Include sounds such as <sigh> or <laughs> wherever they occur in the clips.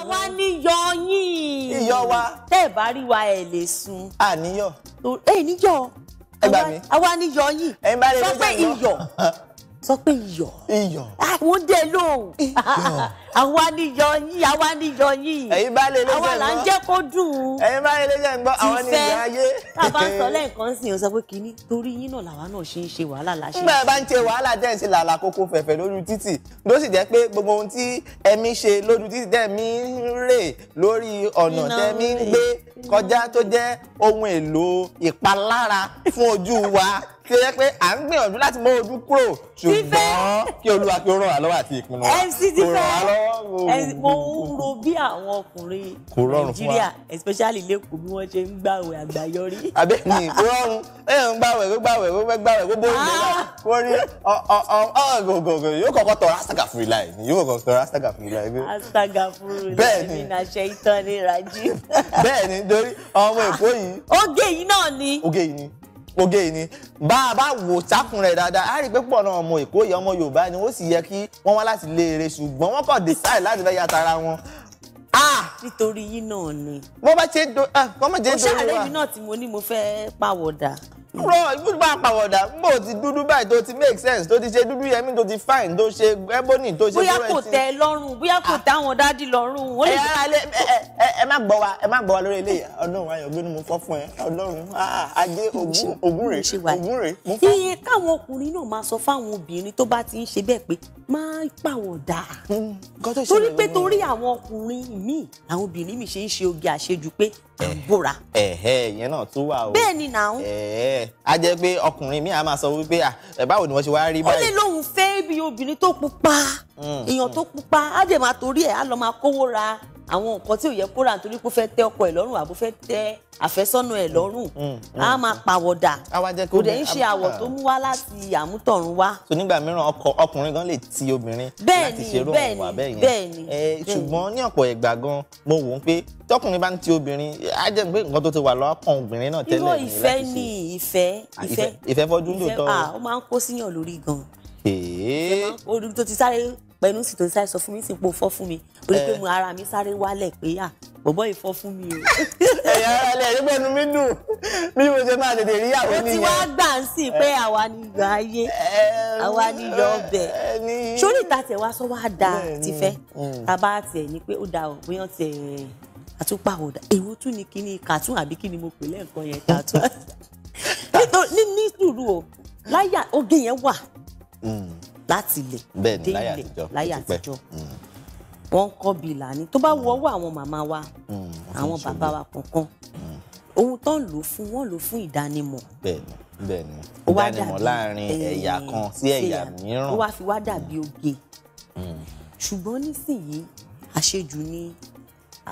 àwa níyọ̀ yín. iyọ̀ wa. tẹ́ ẹ̀ bá rí wa ẹ̀ lè sun. àníyọ̀. ẹ níyọ̀. ẹ gbà mí. àwa níyọ̀ yín. ẹ bá rí ẹ lọ́sẹ̀ lọ. sọ pé iyọ̀. iyọ̀. àwọn ah, dé lóhùn. iyọ̀. <laughs> àwa níyọ yín àwa níyọ yín ẹ̀yin bá lè lẹ́sẹ̀ gbọ́ àwa là ń jẹ́ kó dùn ẹ̀yin bá lè lẹ́sẹ̀ gbọ́ àwọn ní ìgbà ayé. tá a bá ń sọ lẹ́ẹ̀kan sí ọ̀sẹ̀ pé kínní torí yín náà làwa náà ṣe ń ṣe wàhálà la ṣe. nígbà bá ń ṣe wàhálà dẹ́ ṣe làlà kókó fẹ̀fẹ̀ lójú títì ló sì jẹ́ pé gbogbo ohun tí ẹ̀mí ṣe lójú títì tẹ̀mí ń rè lórí ọ̀nà tẹ̀mí ń gbé kọjá tó jẹ́ ohun èlò ìpalára fún ojú wa kí ẹ pé à ń gbìyànjú láti mọ ojú kúrò ṣùgbọ́n kí olúwa kí ó ràn wá lọ́wọ́ àti ìpinnu wa kó ràn wá lọ́wọ́ mo ń ro bí àwọn ọkùnrin nàìjíríà especially lẹ́kọ̀ọ́ bí wọ́n ṣe ń gbàwẹ̀ àgbáyọrí. àbẹ́ mi kò rọrùn ẹ̀yìn ń gbàwẹ̀ kó gbàwẹ̀ kó gbàwẹ̀ kó bó ilé wa kó rí ọ̀gọ̀gọ̀ yóò kọ́kọ́ tọrọ astagafurila ẹ̀ yóò kọ́kọ́ tọrọ astagafurila ẹ̀. astagafurila ẹ̀mí na ṣe ìtàn ní rajiv. bẹ́ẹ̀ dori. torí ọmọ èkó yìí. oge yìí náà ni. oge yìí ni oge ni bá a bá wò sákùn rẹ̀ dáadáa á rí i pé pọ̀ náà ọmọ èkó yìí ọmọ yorùbá ni ó sì yẹ kí wọ́n wá láti lè eré ṣùgbọ́n wọ́n kàn decide láti fẹ́ yàtọ̀ ara wọn. nítorí yín náà ni. wọ́n bá ṣe do kọ́mọ̀jẹ́ dorí wa. ó ṣàlẹ́ mi náà tí mo ní mo fẹ́ pàwọ̀dà rọ ìbúdó bá pàwọ̀dà bó ti dúdú báyìí tó ti make sense tó ti ṣe dúdú yẹmí tó ti fine tó ṣe ebony tó ṣe búrẹ́tì. bóyá kò tẹ́ lọ́rùn bóyá kò tẹ́ àwọn dádì lọ́rùn. ẹ ẹ má gbọ́ wa ẹ má gbọ́ wa lórí eléyìí ọlọ́run ayọ̀gbé ni mo fọ́ fún ẹ ọlọ́run ah, ajé ògùn rè ògùn rè mo fọ́. iye káwọn ọkùnrin náà máa sọ fáwọn obìnrin tó bá ti ń ṣe bẹ́ẹ̀ pé máa pàwọ̀dà hmm, torí pé torí àwọn ọkùnrin míì àwọn obìnrin míì ṣe ń ṣe oge àṣejù pé ẹ bóra. ẹhẹ ìyẹn náà tún wà o. bẹ́ẹ̀ ni nà ń. ẹhẹ a jẹ pé ọkùnrin mi à máa sọ wípé ẹ báwo ni wọ́n ṣe wá rí báyìí. ó lè lóun fẹ́ bí obìnrin tó pupa hmm. èèyàn tó pupa á dẹ̀ máa torí ẹ̀ á lọ máa kówó ra àwọn nǹkan tí ò yẹ kó rà nítorí pé ó fẹ́ tẹ́ ọkọ ẹ̀ lọ́rùn àbó fẹ́ tẹ́ àfẹ́sọ́nà ẹ̀ lọ́rùn á mm, mm, mm. máa pàwọ̀dà kò dẹ̀ ń ṣe àwọ̀ tó mú wá láti àmútọ̀run wá. so nígbà mìíràn ọkọ ọkùnrin gan lè ti obìnrin láti ṣe irú òun bẹ́ẹ̀ yẹn eh, ṣùgbọ́n ní ọ̀pọ̀ ìgbà gan mo wò ó pé tọkùnrin bá ń ti obìnrin á jẹ́ pé nǹkan tó ti wà lọ́kàn obìnrin náà tẹ́lẹ̀ ìfẹ́ ni ah, ìfẹ́ ìfẹ́ ìfẹ́ fọ́dún pẹ̀lú sì tó ń sáré sọ fún mi sì pò fọ́ fún mi ó ní pé eh. mo ara mi sáré wálẹ̀ pé à ah, bọ̀bọ̀ ìfọ́ fún mi o. <laughs> ẹ̀yà ara rẹ̀ nígbà inú mi dùn bí mo ṣe máa tètè rí àwọn nìyẹn. ó ti wá gbà ń sìn pé eh. àwa ni yọ ayé eh, àwa ni yọ ọbẹ̀ sórí ìta tiẹ̀ wá sọ wá da tìfẹ́ tá a bá tiẹ̀ ní pé ó da ọ̀ bóyá tiẹ̀ àtúpàwọ̀dà èwo tún ni kíní cartoon àbí kíní mo pè lẹ́ẹ̀kan yẹn cartoon <laughs> nítorí ní sùúrù o láyà oge yẹn wà hmm láti ilẹ̀ dé ilẹ̀ láyé àtijọ́ mm. wọ́n ń kọ́ bí ìlànà tó bá mm. wọ ọwọ́ àwọn màmá wa mm, àwọn bàbá wa kankan ohun tó ń lò fún wọn lò fún ìdánimọ̀ bẹ́ẹ̀ni bẹ́ẹ̀ni ìdánimọ̀ láàrin ẹ̀yà kan sí ẹ̀yà mìíràn ó wá fi wá dàbí oge ṣùgbọ́n nísìnyí àṣejù ni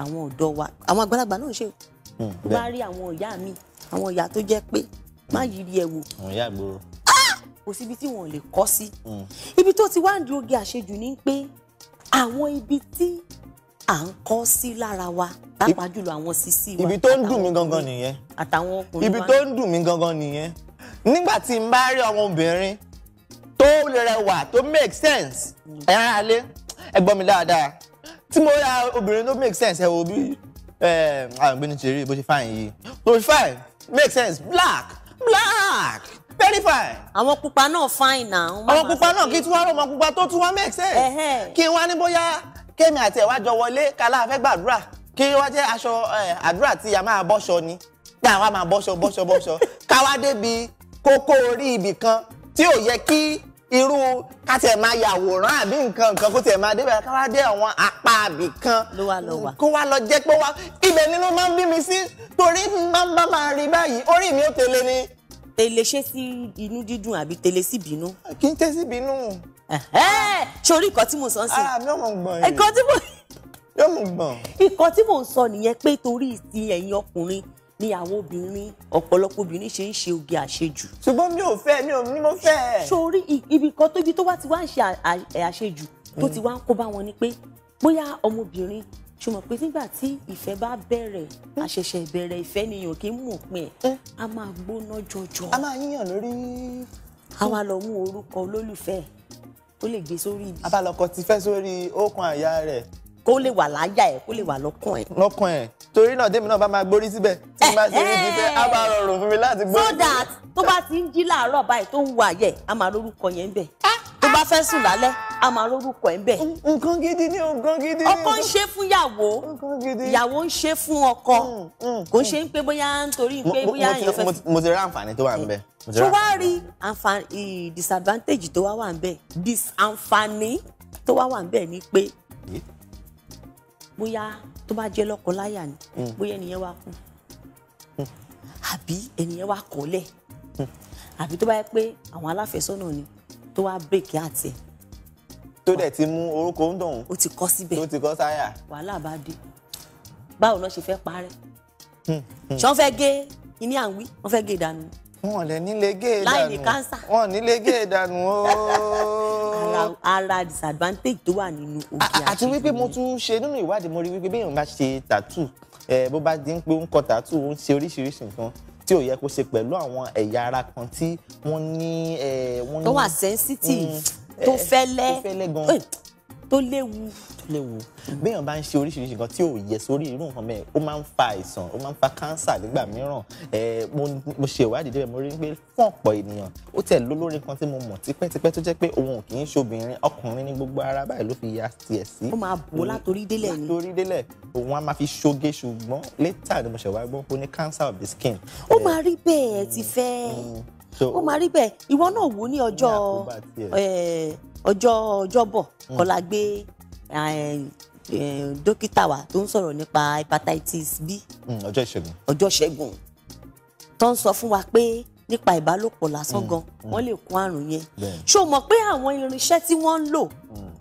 àwọn ọ̀dọ́ wa àwọn àgbàlagbà náà ṣe wá rí àwọn ìyá mi àwọn ìyá tó jẹ́ pé má yiri ẹ̀ wò. àwọn ìyá gbòòrò kò síbi tí wọn ò lè kọ́ sí mm. ibi tó ti wá ń di oge àṣejù ni pé àwọn ibi tí à ń kọ́ sí lára wa pàápàá jùlọ àwọn sisi wa ibi tó ń dùn mí gangan nìyẹn àtàwọn ọkùnrin wa ibi tó ń dùn mí gangan nìyẹn nígbà tí n bá rí ọmọ obìnrin tó rẹwà tó make sense mm. ẹ̀rán alẹ́ ẹ gbọ́ mi dáadáa tí mo ra obìnrin tó make sense ẹ wo bí àwọn ìgbéni ṣe rí bó ṣe fine yìí bó ṣe fine make sense black black very fine. àwọn pupa náà fine na. àwọn pupa náà kí tí wọ́n rọ ọmọ pupa tó tún wọ́n make sense. kí wọ́n á ní bóyá kémi àti ẹ̀wá jọ wọlé kálá fẹ́ gbàdúrà kí wọ́n jẹ́ aṣọ eh, àdúrà tí a máa bọ́ṣọ ni pé àwa máa bọ́ṣọ bọ́ṣọ bọ́ṣọ <laughs> káwá débi kókó orí ibì kan tí ò yẹ kí irú ká tiẹ̀ máa yàwòrán àbí nǹkan nǹkan kó tiẹ̀ máa débẹ̀ ká dé àwọn apá àbì kan kó wá lọ jẹ́ pé wá ibẹ̀ ni máa ń bí mi sí torí máa ń bá máa rí báyìí orí mi ò tẹ̀lé ni tẹ̀lé ṣé si inu dídùn àbí tẹ̀lé sí bínú. Ah, kì í tẹ́ sí bínú. sori nǹkan tí mo sọ ń sìn. ara ah, mi ò mọ̀ gbọ̀n yìí. nǹkan tí mo. yóò mọ̀ gbọ̀n. nǹkan tí mò ń sọ nìyẹn pé torí ti ẹ̀yin ọkùnrin ni àwọn obìnrin ọ̀pọ̀lọpọ̀ obìnrin ṣe ń ṣe oge àṣejù. ṣùgbọ́n mi ò fẹ́ mi ò ní mo fẹ́. sori ibi kan tó ibi tó wá ti wá ń ṣe àṣejù tó ti wá ń kó bá wọn ni pé bóyá ọmọbìnrin ṣùgbọ́n pé nígbà tí ìfẹ́ bá bẹ̀rẹ̀ àṣẹ̀ṣẹ̀ hm? bẹ̀rẹ̀ ìfẹ́ nìyàn kì í mọ̀ pé hm? a máa gbóná jọjọ. a máa yíyàn lórí. a wá lọ mú orúkọ olólùfẹ́ ó lè gbé sórí ibi. abalọkọ ti fẹ́ sórí okùn àyà rẹ̀. kó lè wà láyà ẹ̀ kó lè wà lọ́kàn ẹ̀. lọ́kàn ẹ̀ torí náà démi náà bá máa gbórí síbẹ̀ tí máa ṣe ibi fẹ́ á bá rọrùn fún mi láti gbórí. so that tó bá ti ń jí láàárọ̀ báyìí tó ń wà yẹ á máa lórúkọ yẹn bẹ̀ bá fẹ́ sùn lálẹ́ a máa rórúkọ ẹ̀ ń bẹ̀. nǹkan gidi ni nǹkan gidi ni. ọkọ ń ṣe fún yàwó yàwó ń ṣe fún ọkọ mm, mm, kò ń mm. ṣe ń pé bóyá nítorí pé bóyá èèyàn fẹ́. mo ti rí àǹfààní tó wà ń bẹ̀. tó wá rí àǹfààní disadvantage tó wá wà ń bẹ̀ disanfani tó wá wà ń bẹ̀ ni pé bóyá tó bá jẹ́ lọ́kọ láyà ni bóyá ẹnìyẹn wá kú àbí ẹnìyẹn wá kọ́lẹ̀ àbí tó bá yẹ pé àwọn aláfẹ́sọ́nà ni tó wá bèkì àti ẹ̀. tó dẹ̀ ti mú orúkọ ń dùn. ó ti kọ́ síbẹ̀ tó ti kọ́ sáyà. wàhálà bá dé báwo náà ṣe fẹ́ parẹ́ ṣọ́n fẹ́ gé iní àwí wọ́n fẹ́ gé ìdánù. wọn lè nílé gé ìdánù láì ní kánsà wọn nílé gé ìdánù ooo. ara disadvantage tó wà nínú oge àṣejù. àti wípé mo tún ṣe nínú ìwádìí mo rí wípé bí èèyàn bá ṣe tattoo eh, bó bá dín pé ó ń kọ tattoo ó ń ṣe oríṣiríṣi nǹkan tí ò yẹ kó ṣe pẹ̀lú àwọn ẹ̀yà ara kan tí wọ́n ní. Eh, tó wà sensitive mm, eh, tó fẹ́lẹ́ tó léwu. tó léwu béèyàn bá ń ṣe oríṣiríṣi nǹkan tí ò yẹ sórí irú nǹkan bẹ́ẹ̀ ó máa ń fa àìsàn ó máa ń fa kánsà nígbà mìíràn mo ṣe ìwádìí débẹ̀ mo rí pé fún ọ̀pọ̀ ènìyàn ó tẹ̀ lólórin kan tí mo mọ̀ tipẹ́tipẹ́ tó jẹ́ pé òun kì í ṣobìnrin ọkùnrin ní gbogbo ara báyìí ló fi ya tiẹ̀ sí. ó máa bò látòrí délẹ̀ ni látòrí délẹ̀ òun á máa fi ṣoge ṣùgbọ́n létà ni mo ṣẹ̀wá gbọ́ ó ní cancer of the skin. ó máa rí bẹ́ẹ̀ ó máa rí bẹ́ẹ̀ ìwọ náà wò ní ọjọ́ ọjọ́ ọjọ́bọ̀ hmm. kọ́lá gbé dókítà wa tó ń sọ̀rọ̀ nípa hepatitis B hmm, ọjọ́ ìṣẹ́gun ọjọ́ ìṣẹ́gun tó ń sọ fún wa pé nípa ìbálòpọ̀ lásán hmm, gan wọ́n lè kó àrùn yẹn ṣó mọ̀ pé àwọn irinṣẹ́ tí wọ́n ń lò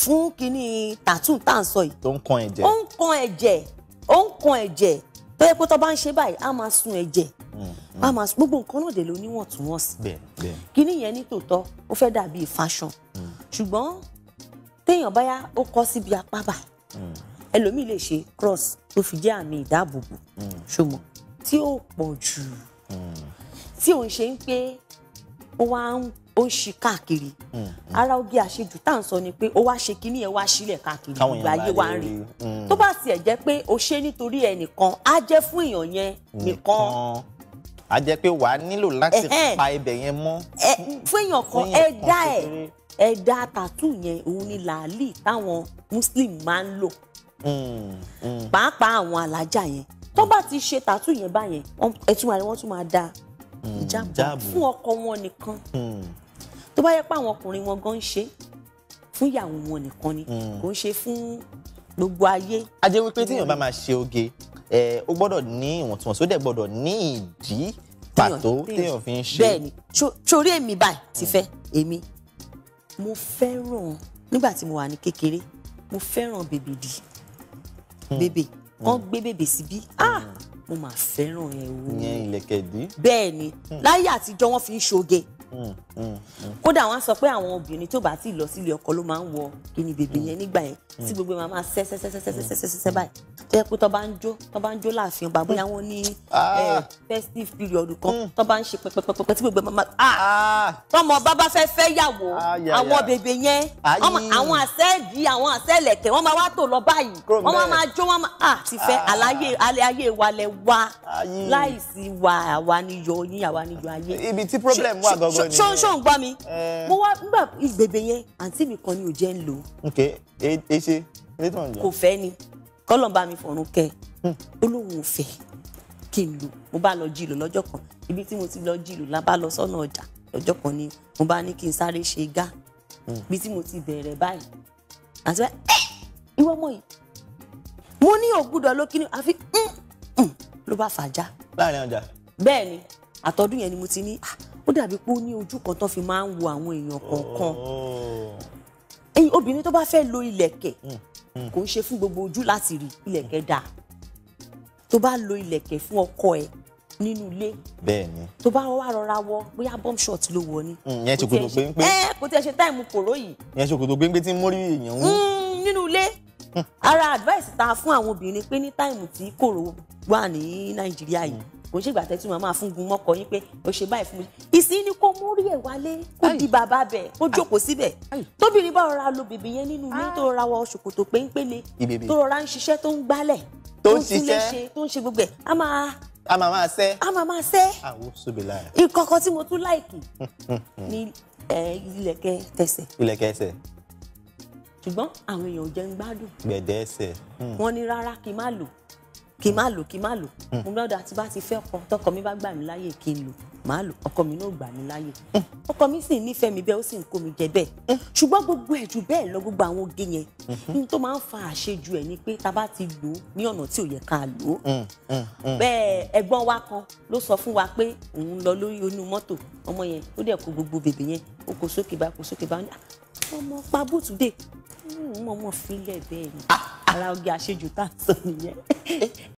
fún kínní tàtún tá à ń sọ yìí tó ń kan ẹ̀jẹ̀ ó ń kan ẹ̀jẹ̀ ó ń kan ẹ̀jẹ̀ tó yẹ pé tó bá ń ṣe báyìí á máa sun ẹ̀jẹ̀ Mm, mm. a máa gbogbo nǹkan náà dè ló níwọ̀ntúnwọ̀nsì kíní yẹn ní tòótọ́ ó fẹ́ dàbí fashion mm. ṣùgbọ́n téèyàn báyá ó kọ́ síbi apá ẹlòmíì lè ṣe cross tó fi jẹ́ àmì ìdáàbòbò ṣùgbọ́n tí ó pọ̀ jù tí òun ṣe ń pé ó wá ń ó ń ṣi káàkiri ara oge àṣejù tá à ń sọ ni pé ó wá ṣe kinní yẹn wá sílẹ̀ káàkiri ìgbà ayé wa ń rí tó bá tiẹ̀ jẹ́ pé o ṣe nítorí ẹnìkan á jẹ́ fún èèyàn yẹn nìkan a jẹ́ pé wàá nílò láti pa ibẹ̀ yẹn mọ́. fẹ́yàn kan ẹ dá ẹ ẹ dá tàtú yẹn òun ni làálì táwọn muslim máa ń lò hmm, hmm. pàápàá àwọn alájà yẹn tó bá ti ṣe tàtú yẹn báyẹn ẹtún àríwọ́ tún máa da hmm, ìjáàbù fún ọkọ wọn nìkan tó bá yẹ pé àwọn ọkùnrin wọn gan ń ṣe fún ìyàwó wọn nìkan ni kò ń ṣe fún gbogbo ayé. a jẹ́ wípé téèyàn bá máa ṣe oge ó gbọ́dọ̀ ní ìwọ̀ntúnwọ̀nsí ó dẹ̀ gbọ́dọ̀ ní ìdí pàtó téèyàn fi ń ṣe. bẹ́ẹ̀ni sórí èmi báyìí ti mm. fẹ́ èmi mo fẹ́ràn nígbà tí mo wà ní kékeré mo fẹ́ràn bèbè dì hmm. bèbè hmm. wọ́n gbé bèbè síbí ah hmm. mo máa fẹ́ràn ẹ̀ o. ìyẹn ìlẹ̀kẹ̀ dì. bẹ́ẹ̀ni láyé àtijọ́ wọ́n fi ń ṣoge kódà wọn sọ pé àwọn obìnrin tó bá ti lọ sílé ọkọ ló máa ń wọ kíni bèbè yẹn nígbà yẹn tí gbogbo ẹ̀ máa máa sẹ́ sẹ́ sẹ́ sẹ́ sẹ́ sẹ́ sẹ́ báyìí tó yẹ pé tó bá ń jó tó bá ń jó láàfin ọba bóyá wọn ní ah. festive period kan hmm. tó bá ń ṣe pẹpẹpẹpẹ tí gbogbo ẹ̀ máa máa ah! ah. tọmọ ọba bá fẹ́ yàwó àwọn bèbè yẹn àwọn àṣẹ́ẹ̀dì àwọn àṣẹ́ẹ̀lẹ̀kẹ̀ wọ́n máa wá tò lọ báyìí wọ́n máa máa jó wọ́n máa ti fẹ́ àlàyé ayé ṣó ń gbá mi eh. mo wá nígbà ìgbèbè yẹn àǹtí mi kan ni ò jẹ́ ń lò. ok e, e ṣe ilé tó ń jẹ. kò fẹ́ ni kọ́lọ̀ bá mi fọ̀run kẹ́ hmm. ó lóun ò fẹ́ kí n lò mo bá lọ jìlò lọ́jọ́ kan ibi tí mo ti lọ jìlò la bá lọ sọ́nà ọjà lọ́jọ́ kan ni mo bá ní kí n sáré ṣe gá hmm. ibi tí mo ti bẹ̀rẹ̀ báyìí àti bẹ́ẹ̀ ẹ́ ìwọ ọmọ yìí mo ní ògbúdọ̀ lókínú àfi mm, mm, ló bá fàájà. láàrin ọjà. bẹ́ẹ̀ ni àtọ́dún yẹn ni mo ti ní ah, ó dàbí pé ó ní ojú kan tó fi máa ń wo àwọn èèyàn kọ̀ọ̀kan oh. ẹyin obìnrin tó bá fẹ́ lo ilẹ̀kẹ̀ mm, mm. kò ń ṣe fún gbogbo ojú láti rí ilẹ̀kẹ̀ dà tó bá lo ilẹ̀kẹ̀ fún ọkọ ẹ̀ nínú ilé bẹ́ẹ̀ni tó bá wà rọra wọ bóyá bomb shot ló wọ ni mm, ìyẹn ti kòtò gbéńgbé ẹ kò tiẹ̀ ṣe táìmù kòró yìí ìyẹn ti kòtò gbéńgbé tí mórí èèyàn ń. nínú ilé hmm. ara advice ta fún àwọn obìnrin pé ní táìmù tí kòró wà ní nàìjíríà yìí kò ṣègbà tẹ́tí màmá fún gun mọ́kọ yín pé o ṣe báyìí fún mi ìsìn ni kó mórí ẹ̀ wálé kó di bàbá bẹ̀ kó jókòó síbẹ̀ tóbìnrin bá rọra lo bèbè yẹn nínú ilé ah. tó rọra wọ ṣòkòtò péńpéle tó rọra ń ṣiṣẹ́ tó ń gbálẹ̀ tó ń ṣiṣẹ́ tó ń ṣe gbogbo ẹ̀ á máa a máa máa sẹ́. a máa máa sẹ́. àwọn sobilá. ìkọ̀kọ̀ tí mo tún láìkì <laughs> ni ilẹ̀kẹ̀ tẹsẹ̀. ilẹ̀kẹ̀ ẹsẹ̀. ṣùgbọ́n àwọn èèyàn ò jẹ́ ń gbádùn. gbẹ̀dẹ̀ ẹsẹ̀. Hmm. wọ́n ní rárá kí n má lò kí má lò kí má lò mm. mo gbọ́dọ̀ àti bá ti fẹ́ ọkọ tọkọ mi bá gbà mí láàyè kí n lò má lò ọkọ mi náà gbà mí láàyè mm. ọkọ mi sì nífẹ̀ẹ́ mi bẹ́ẹ̀ ó sì ń kó mi jẹ bẹ́ẹ̀ mm. ṣùgbọ́n gbogbo ẹ̀ jù bẹ́ẹ̀ lọ gbogbo àwọn oge yẹn mm-hmm. ní tó máa ń fa àṣejù ẹ̀ ni pé ta bá ti lò ó ní ọ̀nà tí ò yẹ ká lò ó bẹ́ẹ̀ ẹ̀gbọ́n wa kan ló sọ fún wa pé òun lọ lórí onú mọ́tò ọmọ yẹn ó dẹ̀ kó gbogbo bèbè yẹn ó kó sókè bá kó sókè bá ah, ọmọ pa bóòtù dé ọmọ ọmọ fi bẹ́ẹ̀ ni. Ah! ara oge àṣejù tá sọ nìyẹn